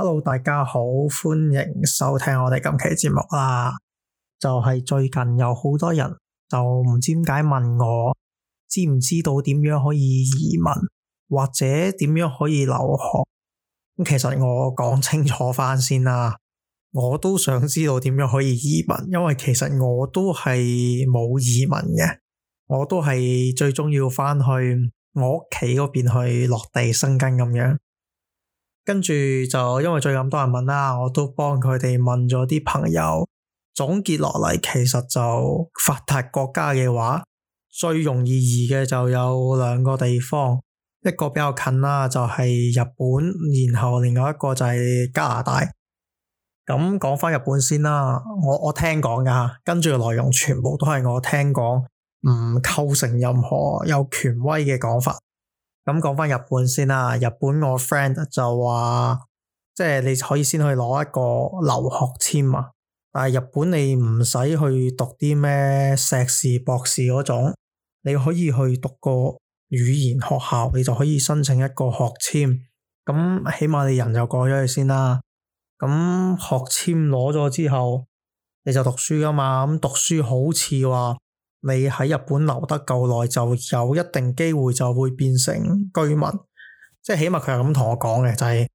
hello，大家好，歡迎收聽我哋今期節目啦。就係最近有好多人就唔知點解問我知唔知道點樣可以移民或者點樣可以留學。其實我講清楚翻先啦，我都想知道點樣可以移民，因為其實我都係冇移民嘅，我都係最終要翻去我屋企嗰邊去落地生根咁樣。跟住就因為最近多人問啦，我都幫佢哋問咗啲朋友，總結落嚟其實就發達國家嘅話，最容易移嘅就有兩個地方，一個比較近啦，就係日本，然後另外一個就係加拿大。咁講返日本先啦，我我聽講㗎，跟住嘅內容全部都係我聽講，唔構成任何有權威嘅講法。咁講翻日本先啦，日本我 friend 就話，即係你可以先去攞一個留學簽啊，但係日本你唔使去讀啲咩碩士博士嗰種，你可以去讀個語言學校，你就可以申請一個學簽，咁起碼你人就過咗去先啦。咁學簽攞咗之後，你就讀書㗎嘛，咁讀書好似話，你喺日本留得夠耐，就有一定機會就會變成居民，即係起碼佢係咁同我講嘅，就係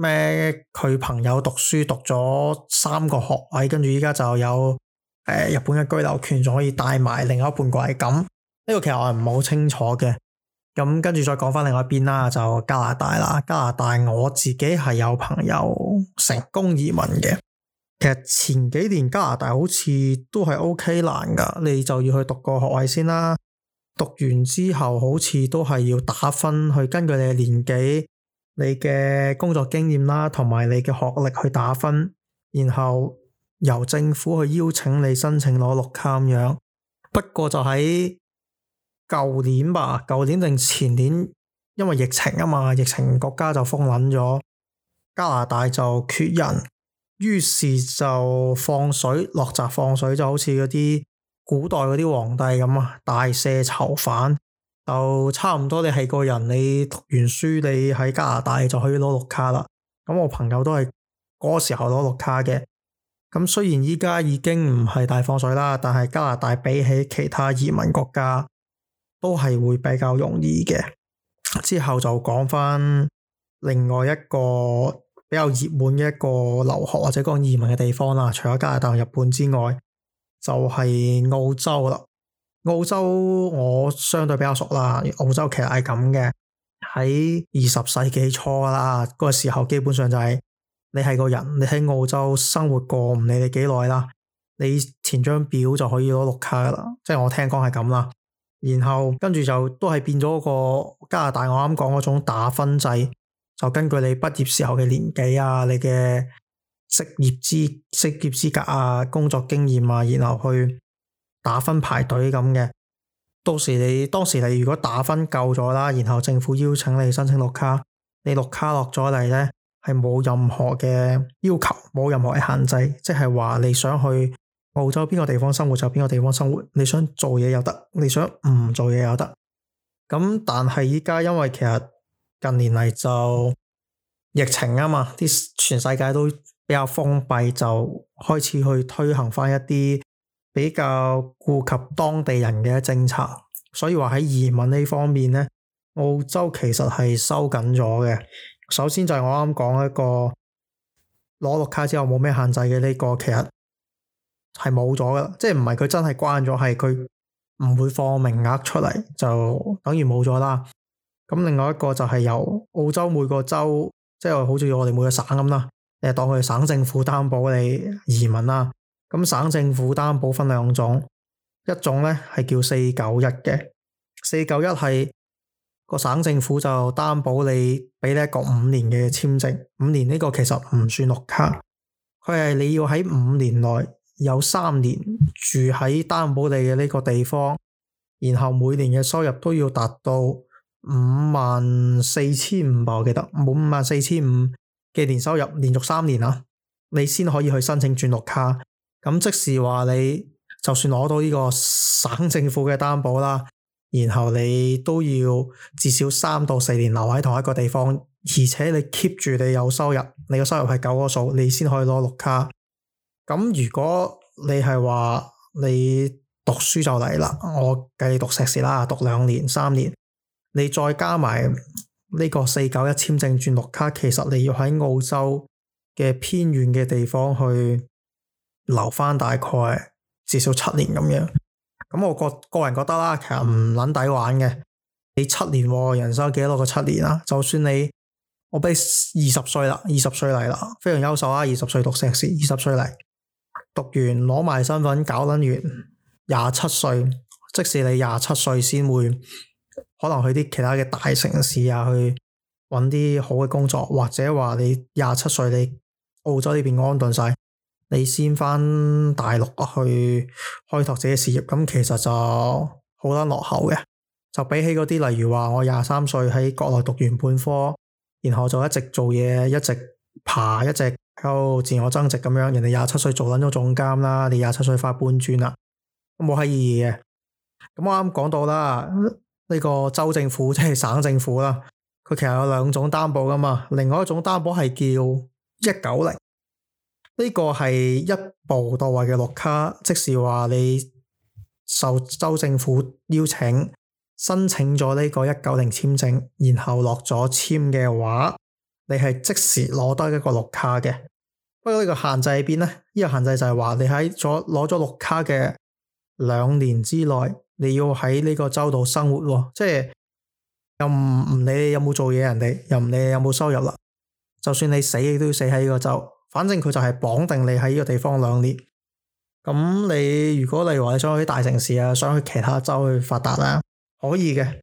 咩佢朋友讀書讀咗三個學位，跟住依家就有誒、呃、日本嘅居留權，仲可以帶埋另外一半過嚟咁。呢、這個其實我係唔係好清楚嘅。咁跟住再講返另外一邊啦，就加拿大啦，加拿大我自己係有朋友成功移民嘅。其實前幾年加拿大好似都係 OK 難噶你就要去讀個學位先啦。讀完之後好似都係要打分，去根據你嘅年紀、你嘅工作經驗啦，同埋你嘅學歷去打分，然後由政府去邀請你申請攞綠卡咁樣。不過就喺舊年吧，舊年定前年，因為疫情啊嘛，疫情國家就封捻咗，加拿大就缺人。於是就放水落閘，放水就好似嗰啲古代嗰啲皇帝咁啊，大赦囚犯。就差唔多你係個人，你讀完書，你喺加拿大就可以攞綠卡啦。咁我朋友都係嗰個時候攞綠卡嘅。咁雖然依家已經唔係大放水啦，但係加拿大比起其他移民國家，都係會比較容易嘅。之後就講翻另外一個。比較熱門嘅一個留學或者講移民嘅地方啦，除咗加拿大、日本之外，就係、是、澳洲啦。澳洲我相對比較熟啦。澳洲其實係咁嘅，喺二十世紀初啦，嗰、那個時候基本上就係、是、你係個人，你喺澳洲生活過，唔理你幾耐啦，你填張表就可以攞綠卡啦，即、就、係、是、我聽講係咁啦。然後跟住就都係變咗、那個加拿大，我啱講嗰種打分制。就根據你畢業時候嘅年紀啊，你嘅職業資職業資格啊，工作經驗啊，然後去打分排隊咁嘅。到時你當時你如果打分夠咗啦，然後政府邀請你申請綠卡，你綠卡落咗嚟呢，係冇任何嘅要求，冇任何嘅限制，即係話你想去澳洲邊個地方生活就邊個地方生活，你想做嘢又得，你想唔做嘢又得。咁但係依家因為其實。近年嚟，就疫情啊嘛，啲全世界都比較封閉，就開始去推行翻一啲比較顧及當地人嘅政策，所以話喺移民呢方面呢，澳洲其實係收緊咗嘅。首先就係我啱講一個攞綠卡之後冇咩限制嘅呢、這個，其實係冇咗噶，即係唔係佢真係關咗，係佢唔會放名額出嚟，就等於冇咗啦。咁另外一個就係由澳洲每個州，即係好似我哋每個省咁啦，誒，當佢省政府擔保你移民啦。咁省政府擔保分兩種，一種咧係叫四九一嘅，四九一係個省政府就擔保你俾你一個五年嘅簽證，五年呢個其實唔算綠卡，佢係你要喺五年內有三年住喺擔保你嘅呢個地方，然後每年嘅收入都要達到。五萬四千五吧，我記得五萬四千五嘅年收入，連續三年啦，你先可以去申請轉綠卡。咁即係話你就算攞到呢個省政府嘅擔保啦，然後你都要至少三到四年留喺同一個地方，而且你 keep 住你有收入，你嘅收入係九個數，你先可以攞綠卡。咁如果你係話你讀書就嚟啦，我計讀碩士啦，讀兩年、三年。你再加埋呢個四九一簽證轉綠卡，其實你要喺澳洲嘅偏遠嘅地方去留翻大概至少七年咁樣。咁我個個人覺得啦，其實唔撚抵玩嘅。你七年喎，人生有幾多個七年啊？就算你我俾你二十歲啦，二十歲嚟啦，非常優秀啊！二十歲讀碩士，二十歲嚟讀完攞埋身份，搞撚完廿七歲，即使你廿七歲先會。可能去啲其他嘅大城市啊，去搵啲好嘅工作，或者話你廿七歲你澳洲呢邊安頓晒，你先翻大陸，啊，去開拓自己事業，咁其實就好難落後嘅。就比起嗰啲例如話我廿三歲喺國內讀完本科，然後就一直做嘢，一直爬，一直喺度自我增值咁樣，人哋廿七歲做緊咗總監啦，你廿七歲翻搬磚啦，冇閪意義嘅。咁我啱講到啦。呢個州政府即係省政府啦，佢其實有兩種擔保噶嘛。另外一種擔保係叫一九零，呢個係一步到位嘅綠卡。即時話你受州政府邀請申請咗呢個一九零簽證，然後落咗簽嘅話，你係即時攞多一個綠卡嘅。不過呢個限制喺邊呢？呢、呢個限制就係話你喺咗攞咗綠卡嘅兩年之內。你要喺呢個州度生活，即係又唔唔理你有冇做嘢，人哋又唔理你有冇收入啦。就算你死，你都要死喺呢個州。反正佢就係綁定你喺呢個地方兩年。咁你如果例如話你想去大城市啊，想去其他州去發達啊，可以嘅。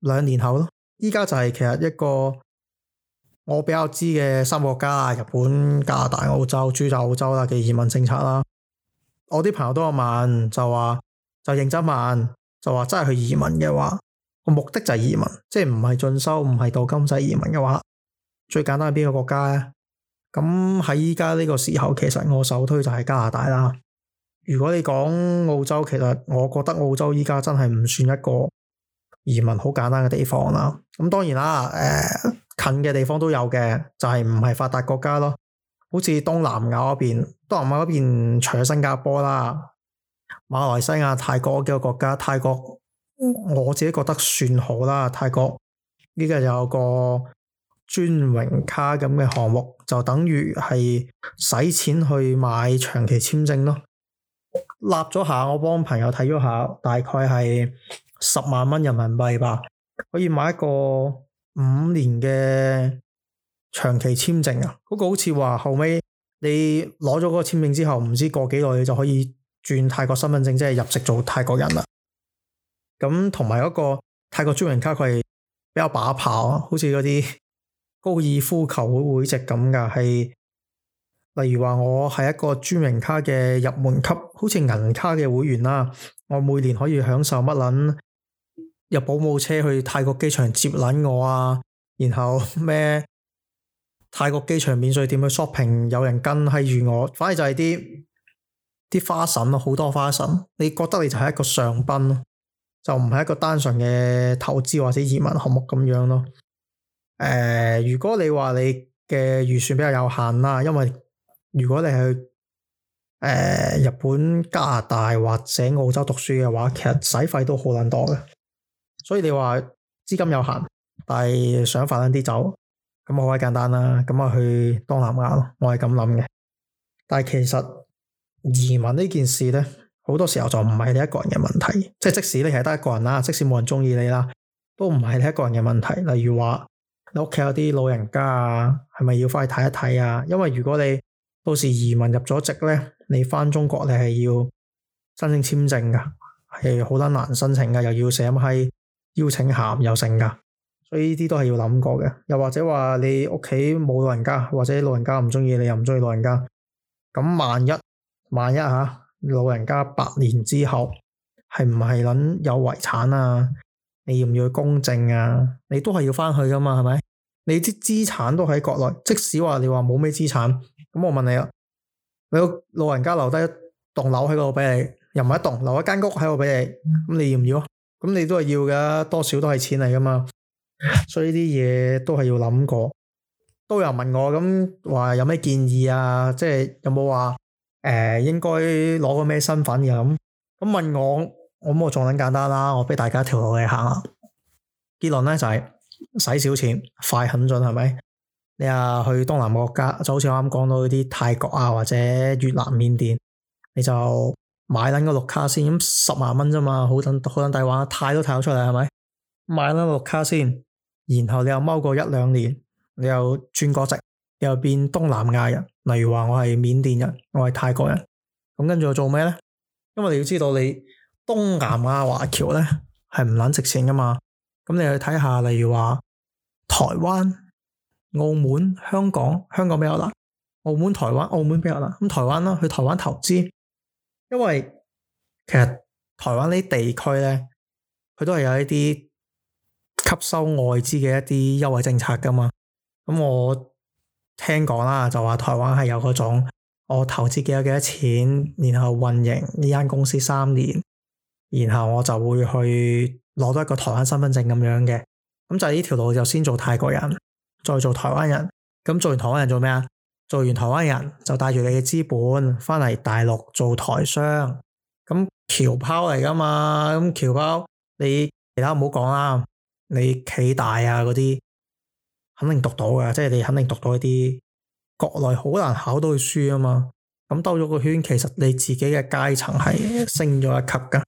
兩年後咯，依家就係其實一個我比較知嘅三個國家：日本、加拿大、澳洲、珠三澳洲啦嘅移民政策啦。我啲朋友都有問，就話。就認真問，就話真係去移民嘅話，個目的就係移民，即係唔係進修，唔係鍍金，使移民嘅話，最簡單係邊個國家咧？咁喺依家呢個時候，其實我首推就係加拿大啦。如果你講澳洲，其實我覺得澳洲依家真係唔算一個移民好簡單嘅地方啦。咁當然啦，誒、呃、近嘅地方都有嘅，就係唔係發達國家咯，好似東南亞嗰邊，東南亞嗰邊除咗新加坡啦，馬來西亞、泰國嗰幾個國家，泰國我自己覺得算好啦。泰國呢個有個專榮卡咁嘅項目，就等於係使錢去買長期簽證咯。立咗下，我幫朋友睇咗下，大概係十萬蚊人民幣吧，可以買一個五年嘅長期簽證啊。嗰個好似話後尾你攞咗嗰個簽證之後，唔知過幾耐你就可以。轉泰國身份證,即係入籍做泰國人啦。咁同埋嗰個泰國尊榮卡，佢係比較把炮啊，好似嗰啲高爾夫球會會籍咁噶。係例如話我係一個尊榮卡嘅入門級，好似銀卡嘅會員啦，我每年可以享受乜捻入保姆車去泰國機場接捻我啊，然後咩泰國機場免稅店去 shopping 有人跟喺住我，反而就係啲。啲花臣咯，好多花臣。你覺得你就係一個上賓咯，就唔係一個單純嘅投資或者移民項目咁樣咯。誒、呃，如果你話你嘅預算比較有限啦，因為如果你去誒、呃、日本、加拿大或者澳洲讀書嘅話，其實使費都好捻多嘅。所以你話資金有限，但係想快啲走，咁好鬼簡單啦。咁啊去東南亞咯，我係咁諗嘅。但係其實。移民呢件事咧，好多時候就唔係你一個人嘅問題。即係即使你係得一個人啦，即使冇人中意你啦，都唔係你一個人嘅問題。例如話，你屋企有啲老人家啊，係咪要翻去睇一睇啊？因為如果你到時移民入咗籍咧，你翻中國你係要申請簽證噶，係好難難申請噶，又要寫乜閪邀請函又成噶。所以呢啲都係要諗過嘅。又或者話你屋企冇老人家，或者老人家唔中意你，又唔中意老人家，咁萬一，萬一吓、啊、老人家百年之後，係唔係諗有遺產啊？你要唔要去公證啊？你都係要翻去噶嘛？係咪？你啲資產都喺國內，即使話你話冇咩資產，咁我問你啊，你老人家留低一棟樓喺度俾你，又唔係一棟，留一間屋喺度俾你，咁你要唔要啊？咁你都係要噶，多少都係錢嚟噶嘛。所以啲嘢都係要諗過。都有人問我咁話有咩建議啊？即係有冇話？誒、呃，應該攞個咩身份嘅咁？咁問我，我咁我再諗簡單啦，我俾大家條路你行啦。結論咧，就係、是、使少錢，快狠、準，係咪？你啊去東南亞國家，就好似我啱講到嗰啲泰國啊或者越南、緬甸，你就買撚個綠卡先，咁、嗯、十萬蚊啫嘛，好等好等大玩，泰都泰得出嚟係咪？買撚個綠卡先，然後你又踎過一兩年，你又轉國籍，你又變東南亞人。例如話我係緬甸人，我係泰國人，咁跟住我做咩咧？因為你要知道，你東南亞華僑咧係唔捻值錢噶嘛。咁你去睇下，例如話台灣、澳門、香港，香港比較難，澳門、台灣、澳門比較難。咁台灣啦，去台灣投資，因為其實台灣呢地區咧，佢都係有一啲吸收外資嘅一啲優惠政策噶嘛。咁我。聽講啦，就話台灣係有嗰種，我投資幾多幾多錢，然後運營呢間公司三年，然後我就會去攞到一個台灣身份證咁樣嘅。咁就係呢條路就先做泰國人，再做台灣人，咁做完台灣人做咩啊？做完台灣人就帶住你嘅資本翻嚟大陸做台商，咁僑胞嚟㗎嘛？咁僑胞你其他唔好講啦，你企大啊嗰啲。肯定讀到嘅，即係你肯定讀到一啲國內好難考到嘅書啊嘛。咁兜咗個圈，其實你自己嘅階層係升咗一級噶。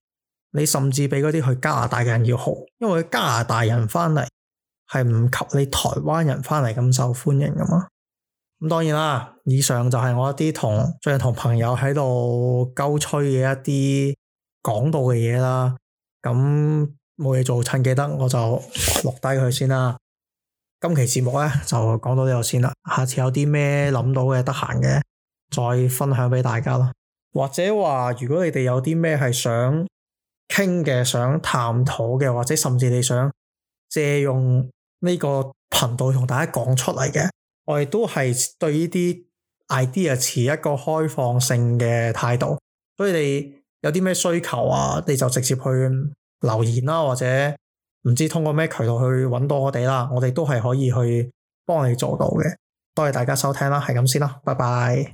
你甚至比嗰啲去加拿大嘅人要好，因為加拿大人翻嚟係唔及你台灣人翻嚟咁受歡迎噶嘛。咁當然啦，以上就係我一啲同最近同朋友喺度鳩吹嘅一啲講到嘅嘢啦。咁冇嘢做，趁記得我就落低佢先啦。今期節目咧就講到呢度先啦，下次有啲咩諗到嘅，得閒嘅再分享俾大家啦。或者話，如果你哋有啲咩係想傾嘅，想探討嘅，或者甚至你想借用呢個頻道同大家講出嚟嘅，我哋都係對呢啲 idea 持一個開放性嘅態度。所以你有啲咩需求啊，你就直接去留言啦，或者唔知通過咩渠道去搵到我哋啦，我哋都係可以去幫你做到嘅。多謝大家收聽啦，係咁先啦，拜拜。